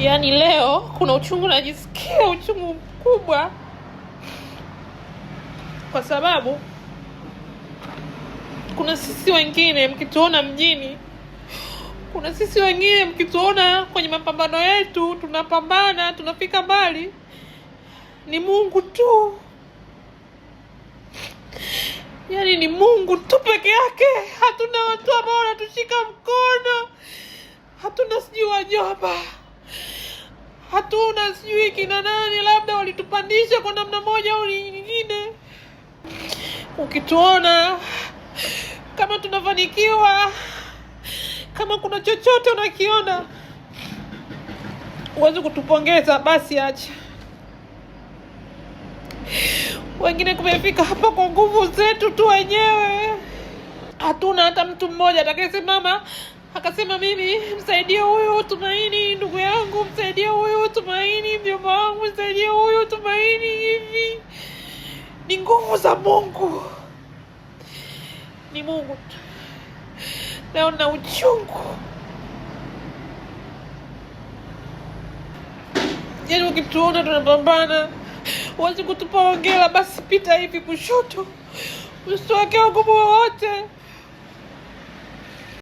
Yaani leo kuna uchungu, najisikia uchungu mkubwa kwa sababu kuna sisi wengine mkituona mjini, kuna sisi wengine mkituona kwenye mapambano yetu, tunapambana tunafika mbali, ni Mungu tu, yaani ni Mungu tu peke yake. Hatuna watu ambao wanatushika mkono, hatuna sijui wajomba hatuna, sijui kina nani, labda walitupandisha kwa namna moja au nyingine. Ukituona kama tunafanikiwa, kama kuna chochote unakiona huwezi kutupongeza, basi acha wengine. kumefika hapa kwa nguvu zetu tu wenyewe, hatuna hata mtu mmoja atakayesimama akasema mimi msaidie huyu Tumaini ndugu yangu wangu, msaidia huyu Tumaini, mjomba wangu, msaidia huyu Tumaini. Hivi ni nguvu za Mungu, ni Mungu. Leo na uchungu, yani ukituona tunapambana, huwezi kutupa ongela, basi pita hivi kushoto, usiwake wagumu wowote